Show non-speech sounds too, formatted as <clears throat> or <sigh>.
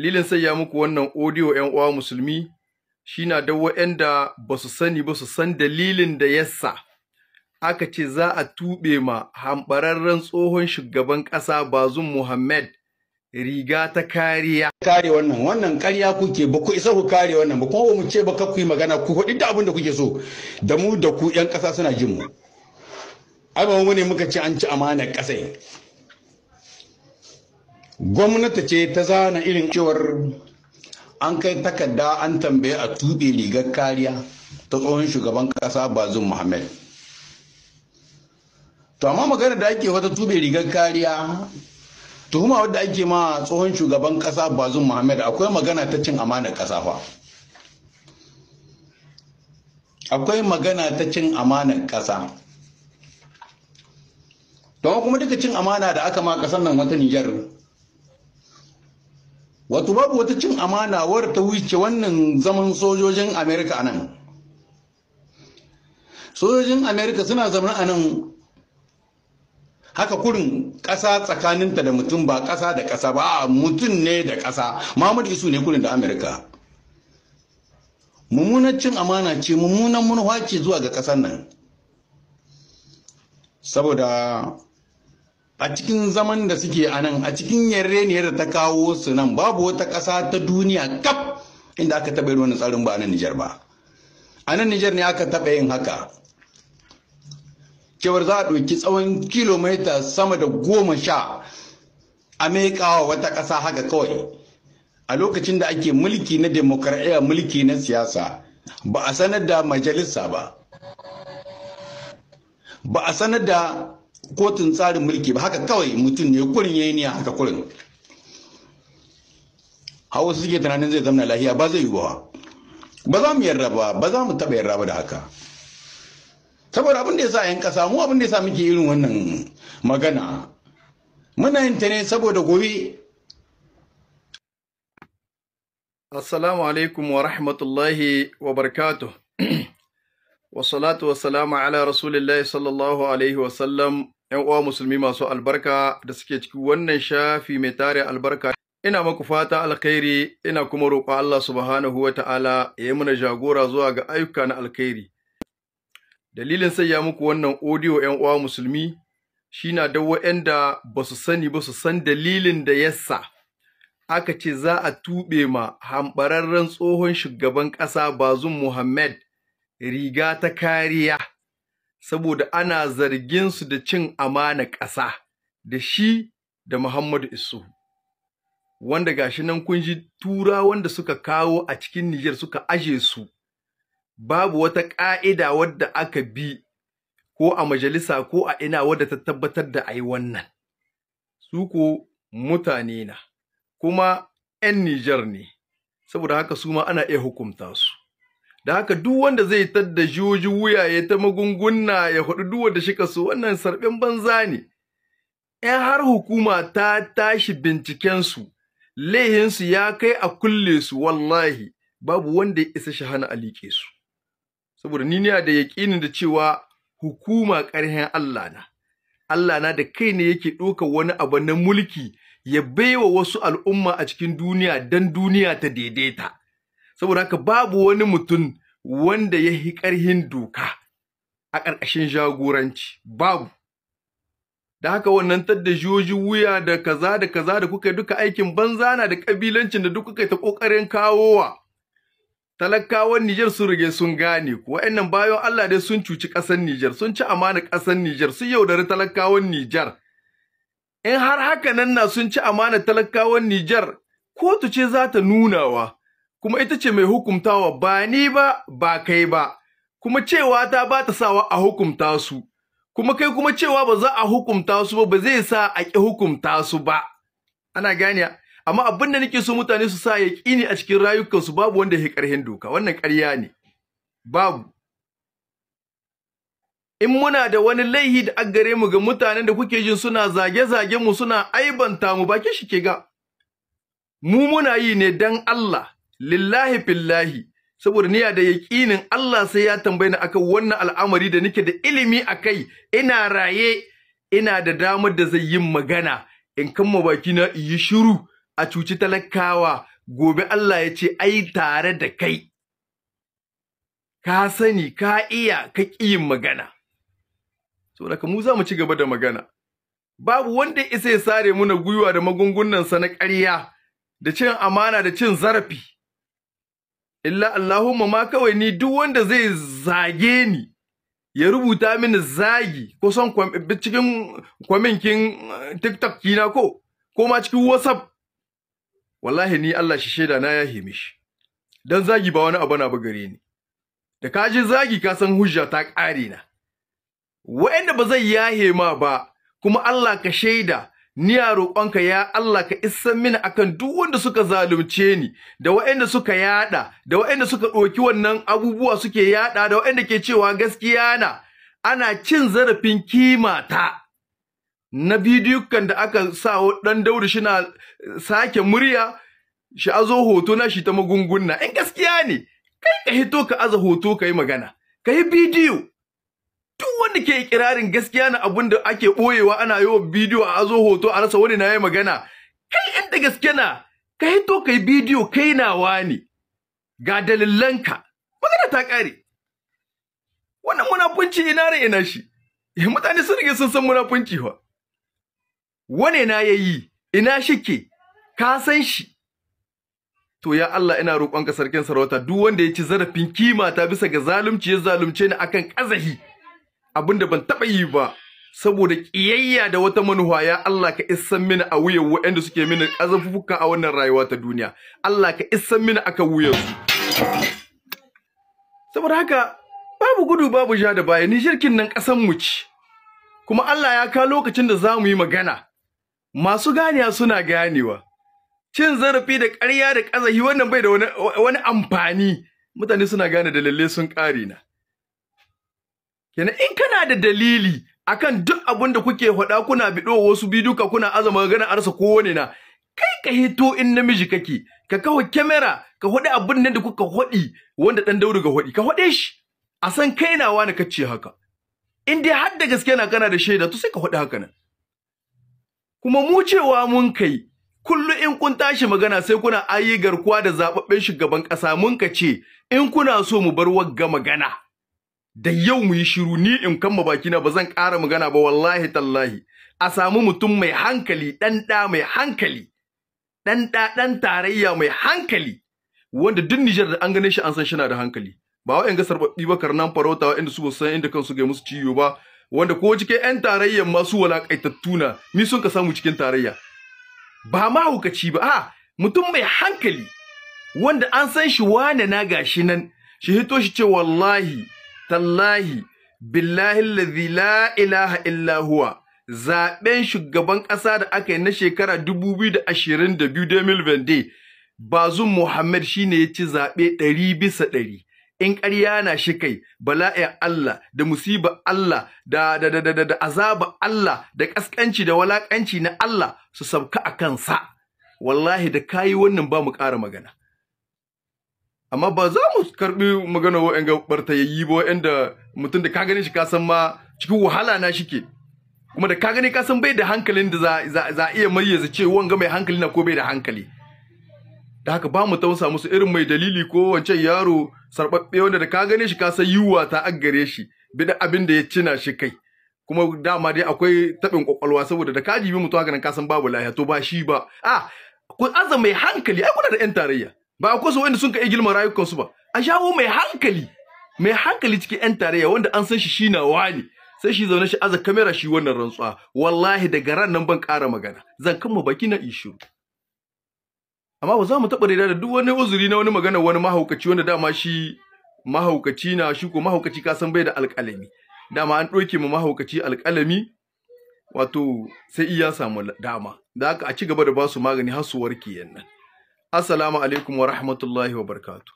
Dalilin sai ya muku wannan audio ‘yan uwa musulmi shi na da wayanda ba su sani ba su san dalilin da yasa aka ce za a tuɓe ma hambararren tsohon shugaban ƙasa Bazum Muhammad riga ta kariya. Kare wannan wannan karya kuke ba ku isa ku kare wannan ba kuma ba mu ce ba ka yi magana ku faɗi da abin da kuke so da mu da ku 'yan ƙasa suna jin mu. Ai ba mu ne muka ce an ci amanar ƙasai. gwamnati ce ta zana irin cewar an kai takarda an tambaye a tuɓe rigar kariya ta tsohon shugaban kasa bazum muhammad to amma magana da ake wata tuɓe rigar kariya tuhuma wadda ake ma tsohon shugaban kasa bazum muhammad akwai magana ta cin amana kasa fa akwai magana ta cin amana kasa don kuma duka cin amana da aka ma kasar nan wata nijar wato babu wata cin amana war ta wuce wannan zaman sojojin amerika anan nan sojojin amerika suna zama a nan haka kurin kasa tsakaninta da mutum ba kasa da kasa ba mutum ne da kasa mahmud isu ne kurin da amerika mummunan cin amana ce mummunan manufa ce zuwa ga kasar nan saboda a cikin zaman da suke a nan a cikin ne da ta kawo su nan babu wata ƙasa ta duniya kaf inda aka taɓa yin wani tsarin ba a nan Nijar ba a nan Nijar ne aka taɓa yin haka cewar za a ɗauki tsawon kilomita sama da goma sha a wa wata ƙasa haka kawai a lokacin da ake mulki na demokaraɗiyya mulki na siyasa ba a sanar da majalisa ba ba a sanar da kotun tsarin mulki ba haka kawai mutum ne kurin yi ne haka kurin hawa suke tunanin zai zama lahiya ba zai yi ba ba za mu yarda ba ba za mu taɓa yarda ba da haka saboda abin da ya sa 'yan ƙasa mu abin da ya sa muke irin wannan magana muna yin ta ne saboda gobe assalamu alaikum wa rahmatullahi wa barkatu <clears throat> wa salatu wa salamu ala rasulillahi sallallahu alaihi wa sallam ‘yan uwa musulmi masu albarka da suke ciki wannan shafi mai tare albarka. Ina maku fata alkhairi, ina kuma roƙo Allah subhanahu wa ta'ala ya mana jagora zuwa ga ayyuka na alkhairi. Dalilin sai ya muku wannan odiyo ‘yan uwa musulmi shi na da wa'yanda ba su sani ba su san dalilin da yasa. Aka ce za a tuɓe ma hambararren tsohon shugaban ƙasa Bazum Muhammad riga ta kariya. saboda ana zargin su da cin amana ƙasa da shi da Muhammadu Isu wanda gashi nan kun ji tura wanda suka kawo a cikin Nijar suka aje su babu wata ƙa'ida wadda aka bi ko a majalisa ko a ina wadda ta tabbatar da ayi wannan su ko mutane na kuma 'yan Nijar ne saboda haka su ma ana iya hukunta su da haka duk wanda zai tadda juji wuya ya ta magunguna ya hudu duk wanda shi so wannan sarbin banza ne Yan har hukuma ta tashi bincikensu laihinsu ya kai a kulle su wallahi babu wanda ya isa shi hana alike su saboda ni ne da yaƙinin da cewa hukuma ƙarhen Allah na Allah na da kai ne yake ɗaukar wani abu na mulki ya baiwa wasu al'umma a cikin duniya don duniya ta daidaita saboda haka babu wani mutum wanda ya yi ƙarhin doka a ƙarƙashin jagoranci babu da haka wannan tadda joji wuya da kaza da kaza da kuka duka aikin banza na da ƙabilancin da duk kuka ta ƙoƙarin kawowa talakawan Nijar sun rige sun gane ko wayannan bayan Allah dai sun cuci ƙasar Nijar sun ci amana ƙasar Nijar sun yaudari talakawan Nijar in har haka nan na sun ci amana talakawan Nijar kotu ce za ta nunawa kuma ita ce mai hukumtawa ba ni ba ba kai ba kuma cewa ta ba ta sawa a hukumta su kuma kai kuma cewa ba za a hukumta su ba ba zai sa a ƙi hukumta su ba ana gane amma abin da nake so mutane su sa ya yaƙini a cikin rayukansu babu wanda ya ƙarhin doka wannan ƙarya ne babu in muna da wani laihi da gare mu ga mutanen da kuke jin suna zage-zage mu suna aibanta mu ba shi ke ga mu muna yi ne dan Allah lillahi fillahi saboda niya da yaƙinin Allah sai ya tambaye ni akan wannan al'amari da nake da ilimi a kai, ina raye ina da damar da zai yi magana in kama baki na yi shiru a cuci talakawa gobe Allah ya ce ai tare da kai ka sani ka iya ka yin magana saboda mu za mu ci gaba da magana babu wanda isa ya sare muna gwiwa da magungunan sa na ƙarya da cin amana da cin zarafi illa Allahumma ma kawai ni duk wanda zai zage ni ya rubuta mini zagi ko son cikin kwaminkin eh, TikTok kina ko ko ma cikin WhatsApp wallahi ni Allah shi shaida na ya hime shi dan zagi ba wani abu na bugare ni da ka ji zagi ka san hujja ta ƙare na wa'anda ba zai yahe ma ba kuma Allah ka shaida niya roƙonka ya Allah ka isan mini akan duk wanda suka zalunce ni da waɗanda suka yada da waɗanda suka ɗoki wannan abubuwa suke yada da waɗanda ke cewa gaskiya na ana cin zarafin kimata na bidiyukan da aka sa ɗan dauri shi na sake murya shi azo hoto na shi ta magungunna in gaskiya ne kai ka hito ka aza hoto ka yi magana ka yi bidiyo duk wanda ke ikirarin gaskiya na abun da ake boyewa ana yi wa bidiyo a azo hoto a rasa wani na yi magana kai inda gaske na ka hito kai bidiyo kai nawa ne ga dalilanka magana ta ƙare. wannan munafunci ina rai ina shi eh, mutane sun rige sun san munafunci fa wane na yayi ina shike ka san shi to ya Allah ina roƙonka sarkin sarauta duk wanda ya ci zarafin kima ta bisa ga zalunci ya zalunce ni akan ƙazahi Abin da ban taɓa yi ba saboda ƙiyayya da wata manuwa ya Allah ka isan mini a wuyan waɗanda suke mini a wannan rayuwa ta duniya Allah ka isan mini aka wuyan su saboda haka babu gudu babu ja da baya ni shirkin nan ƙasan mu ci kuma Allah ya ka lokacin da za mu yi magana masu ganiya suna ganewa cin zarafi da ƙarya da ƙazahi wannan bai da wani amfani mutane suna gane da lalle sun ƙare na kenan in kana da dalili akan duk abin da kuke faɗa kuna biɗo wasu biduka kuna azama gana arsa kowane na kai ka hito in namiji kake ka kawo kyamara ka faɗi abin nan da kuka faɗi wanda ɗan daudu ga faɗi ka faɗe shi a san kai na wani kacce haka in dai har da gaske na kana da shaida to sai ka faɗi haka nan kuma mu cewa mun kai kullu in kun tashi magana sai kuna ayi garkuwa da zaɓaɓɓen shugaban ƙasa mun ka ce in kuna so mu bar wagga magana da yau mu yi shiru ni in kama bakina ba zan ƙara magana ba wallahi tallahi a samu mutum mai hankali ɗan ɗa mai hankali ɗan ɗa ɗan tarayya mai hankali wanda duk Nijar da an gane shi an san na da hankali ba wa'en ga sarbaɓɓi ba karnan farauta inda su ba san inda kansu ga musu ciwo ba wanda ko cikin 'yan tarayyan su walaƙaitattu na ni sun ka samu cikin tarayya ba ma hukaci ba a mutum mai hankali wanda an san shi wane na gashi nan shi hito shi ce wallahi tallahi billahi allazi la ilaha illa huwa zaben shugaban ƙasa da aka yi na shekara 2022 Demil Vende bazun Muhammad shine ya ci zaɓe ɗari bisa ɗari. in ƙarya na shi kai bala'in Allah da musiba Allah da da da da da azaba Allah da ƙasƙanci da walaƙanci na Allah su sabka a kansa wallahi da kayi wannan ba mu ƙara magana amma ba za mu karɓi magana wa'anga bartayayyi ba wa'anda mutum da ka gani shi ka ma cikin wahala na shike kuma da ka gani ka bai da hankalin da za a iya maryaza ce wanga mai hankali na ko bai da hankali da haka ba mu tausa musu irin mai dalili ko wancan yaro sarɓaɓɓe wanda da ka gani shi ka yiwuwa ta aggare shi bidan abin da ya cina shi kai kuma dama dai akwai taɓin ƙwaƙwalwa saboda da ka jibi mutum haka nan ka babu lahiya to ba shi ba a ah, ku aza mai hankali ai kuna da 'yan tarayya ba a kusa wanda sun ka iya gilma rayukansu ba a shawo mai hankali mai hankali cikin yan tarayya wanda an san shi shi na wani sai shi zaune shi aza kamera shi wannan rantsuwa wallahi daga ran nan ban ƙara magana zan kama baki na ishu amma ba za mu taɓa da duk wani uzuri na wani magana wani mahaukaci wanda dama shi mahaukaci na shi ko mahaukaci ka san bai da alƙalami dama an ɗauke mu mahaukaci alƙalami wato sai iya samu dama da haka a ci gaba da basu magani har su warke yannan Assalamu alaikum wa rahmatullahi wa barkatu.